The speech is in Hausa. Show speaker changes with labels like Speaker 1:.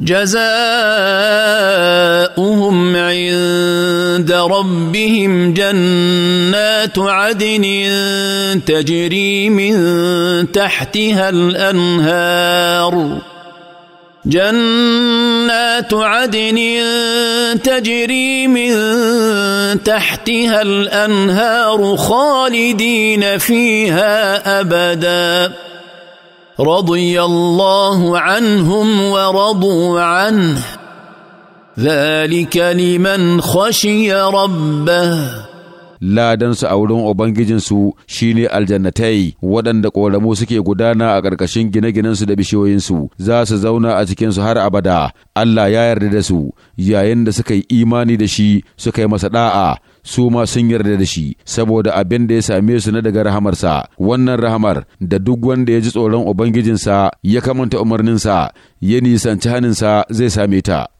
Speaker 1: جزاؤهم عند ربهم جنات عدن تجري من تحتها الانهار جنات عدن تجري من تحتها الانهار خالدين فيها ابدا رضي الله عنهم ورضوا عنه ذلك لمن خشي ربه
Speaker 2: ladansu a wurin Ubangijinsu shi ne aljannatai waɗanda ƙoramu suke gudana a ƙarƙashin gine-ginensu da bishiyoyinsu za su zauna a cikinsu har abada. Allah ya yarda da su yayin da suka yi imani da shi suka yi masa ɗa'a su ma sun yarda da shi saboda abin da ya same su na daga rahamarsa wannan rahamar da duk wanda ya ji tsoron ubangijinsa ya kamanta umarninsa ya nisanci
Speaker 3: haninsa zai same ta